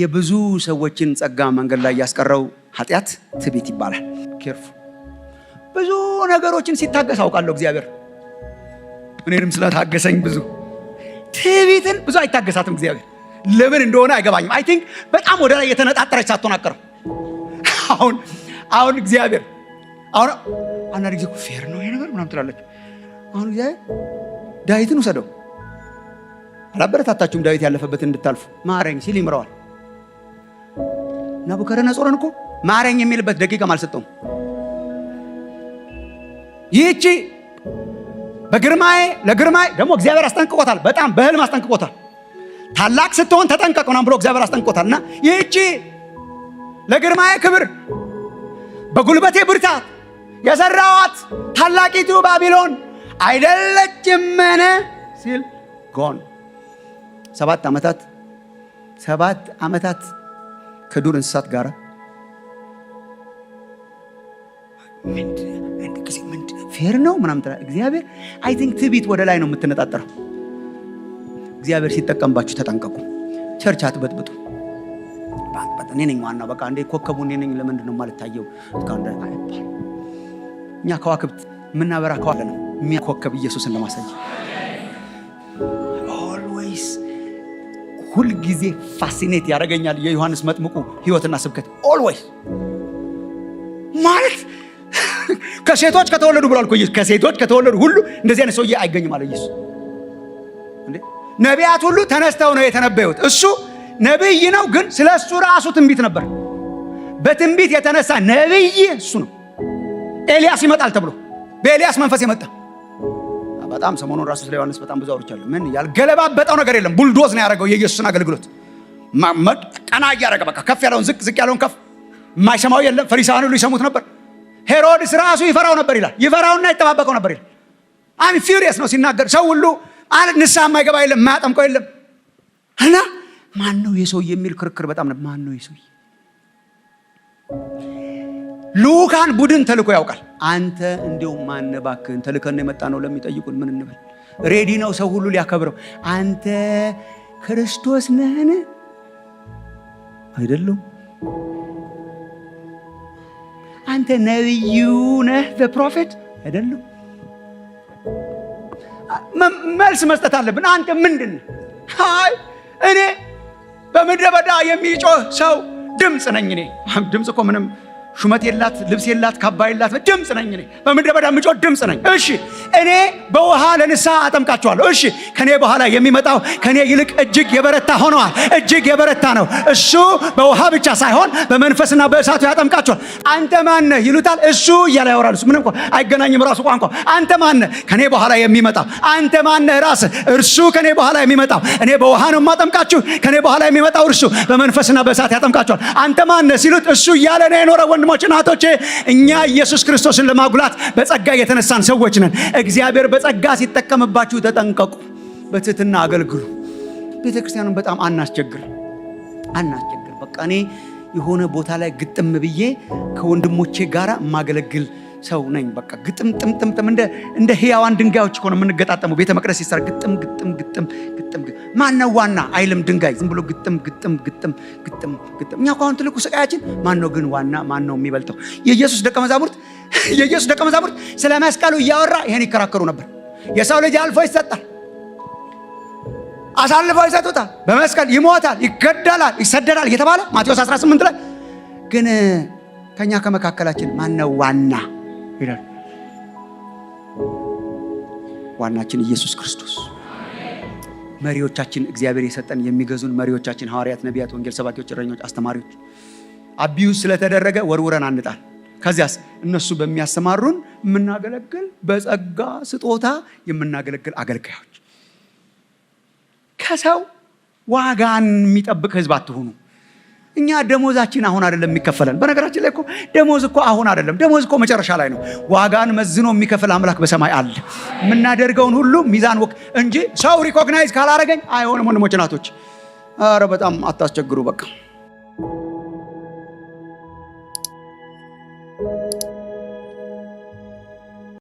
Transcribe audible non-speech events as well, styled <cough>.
የብዙ ሰዎችን ጸጋ መንገድ ላይ ያስቀረው ኃጢአት ትዕቢት ይባላል። ኬርፉ ብዙ ነገሮችን ሲታገስ አውቃለሁ እግዚአብሔር። እኔንም ስለታገሰኝ ብዙ ትዕቢትን ብዙ አይታገሳትም እግዚአብሔር። ለምን እንደሆነ አይገባኝም። አይ ቲንክ በጣም ወደ ላይ የተነጣጠረች ሳትሆናቀረው አሁን አሁን እግዚአብሔር አሁን አንዳንድ ጊዜ ፌር ነው ይሄ ነገር ምናም ትላለች። አሁን እግዚአብሔር ዳዊትን ውሰደው አላበረታታችሁም ዳዊት ያለፈበትን እንድታልፉ ማረኝ ሲል ይምረዋል። ናቡከደነጾርን እኮ ማረኝ የሚልበት ደቂቃም አልሰጠውም። ይህቺ በግርማዬ ለግርማዬ ደግሞ እግዚአብሔር አስጠንቅቆታል። በጣም በህልም አስጠንቅቆታል። ታላቅ ስትሆን ተጠንቀቅ ምናምን ብሎ እግዚአብሔር አስጠንቅቆታል። እና ይህቺ ለግርማዬ ክብር በጉልበቴ ብርታት የሰራዋት ታላቂቱ ባቢሎን አይደለችምን ሲል ጎን ሰባት ዓመታት ሰባት ዓመታት ከዱር እንስሳት ጋር ፌር ነው ምናምን እግዚአብሔር አይ ቲንክ ትቢት ወደ ላይ ነው የምትነጣጠረው። እግዚአብሔር ሲጠቀምባችሁ ተጠንቀቁ። ቸርች አትበጥብጡ። እኔ ነኝ ዋናው በቃ እንደ ኮከቡ እኔ ነኝ። ለምንድን ነው የማልታየው? እኛ ከዋክብት የምናበራ ከዋለ ነው የሚያኮከብ ኢየሱስን ለማሳየ ሁልጊዜ ፋሲኔት ያደርገኛል የዮሐንስ መጥምቁ ህይወትና ስብከት ኦልዌይስ ማለት ከሴቶች ከተወለዱ ብሏል። ከሴቶች ከተወለዱ ሁሉ እንደዚህ አይነት ሰውዬ አይገኝም አለ ኢየሱስ። ነቢያት ሁሉ ተነስተው ነው የተነበዩት። እሱ ነብይ ነው፣ ግን ስለ እሱ ራሱ ትንቢት ነበር። በትንቢት የተነሳ ነብይ እሱ ነው። ኤልያስ ይመጣል ተብሎ በኤልያስ መንፈስ የመጣ በጣም ሰሞኑን ራሱ ስለ ዮሐንስ በጣም ብዙ አውርቻለሁ። ምን ያልገለባበጠው ነገር የለም። ቡልዶዝ ነው ያደረገው የኢየሱስን አገልግሎት ቀና እያደረገ በቃ ከፍ ያለውን ዝቅ፣ ዝቅ ያለውን ከፍ። የማይሰማው የለም። ፈሪሳውያን ሁሉ ይሰሙት ነበር። ሄሮድስ ራሱ ይፈራው ነበር ይላል። ይፈራውና ይጠባበቀው ነበር ይላል። አሚ ፊውሪየስ ነው ሲናገር። ሰው ሁሉ ንስሐ የማይገባ የለም፣ የማያጠምቀው የለም። እና ማን ነው የሰው የሚል ክርክር በጣም ማን ነው የሰው? ልዑካን ቡድን ተልኮ ያውቃል አንተ እንዲው ማነባክህን ተልከን የመጣ ነው ለሚጠይቁን ምን እንበል? ሬዲ ነው ሰው ሁሉ ሊያከብረው። አንተ ክርስቶስ ነህን? አይደለም። አንተ ነቢዩ ነህ? ፕሮፌት አይደለም። መልስ መስጠት አለብን። አንተ ምንድን ነህ? አይ እኔ በምድረ በዳ የሚጮህ ሰው ድምፅ ነኝ። እኔ ድምፅ እኮ ምንም ሹመት የላት፣ ልብስ የላት፣ ካባ የላት። ድምፅ ነኝ እኔ በምድረ በዳ ምጮት ድምፅ ነኝ። እሺ እኔ በውሃ ለንሳ አጠምቃቸዋለሁ። እሺ ከኔ በኋላ የሚመጣው ከኔ ይልቅ እጅግ የበረታ ሆነዋል። እጅግ የበረታ ነው እሱ። በውሃ ብቻ ሳይሆን በመንፈስና በእሳቱ ያጠምቃቸዋል። አንተ ማነህ ይሉታል። እሱ እያለ ያወራል። ምንም እንኳ አይገናኝም ራሱ ቋንቋ። አንተ ማነህ ከኔ በኋላ የሚመጣው። አንተ ማነህ ራስ። እርሱ ከኔ በኋላ የሚመጣው። እኔ በውሃ ነው የማጠምቃችሁ። ከኔ በኋላ የሚመጣው እርሱ በመንፈስና በእሳት ያጠምቃቸዋል። አንተ ማነህ ሲሉት እሱ እያለ ነው የኖረ ወንድ ወንድሞች እናቶቼ፣ እኛ ኢየሱስ ክርስቶስን ለማጉላት በጸጋ የተነሳን ሰዎች ነን። እግዚአብሔር በጸጋ ሲጠቀምባችሁ ተጠንቀቁ። በትህትና አገልግሉ። ቤተ ክርስቲያኑን በጣም አናስቸግር አናስቸግር። በቃ እኔ የሆነ ቦታ ላይ ግጥም ብዬ ከወንድሞቼ ጋር ማገለግል ሰው ነኝ። በቃ ግጥም ጥምጥምጥም እንደ ህያዋን ድንጋዮች ሆነ ነው የምንገጣጠመው። ቤተ መቅደስ ይሰራ ግጥም ግጥም ግጥም ግጥም ማነው ዋና አይልም ድንጋይ ዝም ብሎ ግጥም ግጥም ግጥም ግጥም ግጥም። እኛ አሁን ትልቁ ስቃያችን ማነው ግን ዋና ማነው የሚበልጠው? የኢየሱስ ደቀ መዛሙርት <laughs> የኢየሱስ ደቀ መዛሙርት ስለ መስቀሉ እያወራ ይሄን ይከራከሩ ነበር። የሰው ልጅ አልፎ ይሰጣል፣ አሳልፈው ይሰጡታል፣ በመስቀል ይሞታል፣ ይገደላል፣ ይሰደዳል እየተባለ ማቴዎስ 18 ላይ ግን ከኛ ከመካከላችን ማነው ዋና ይላል። ዋናችን ኢየሱስ ክርስቶስ መሪዎቻችን እግዚአብሔር የሰጠን የሚገዙን መሪዎቻችን ሐዋርያት፣ ነቢያት፣ ወንጌል ሰባኪዎች፣ እረኞች፣ አስተማሪዎች አቢዩዝ ስለተደረገ ወርውረን አንጣል። ከዚያስ እነሱ በሚያሰማሩን የምናገለግል በጸጋ ስጦታ የምናገለግል አገልጋዮች ከሰው ዋጋን የሚጠብቅ ህዝብ አትሆኑ። እኛ ደሞዛችን አሁን አይደለም የሚከፈለን። በነገራችን ላይ ደሞዝ እኮ አሁን አይደለም፣ ደሞዝ እኮ መጨረሻ ላይ ነው። ዋጋን መዝኖ የሚከፍል አምላክ በሰማይ አለ። የምናደርገውን ሁሉ ሚዛን ወቅ እንጂ ሰው ሪኮግናይዝ ካላረገኝ አይሆንም። ወንድሞች ናቶች፣ ኧረ በጣም አታስቸግሩ በቃ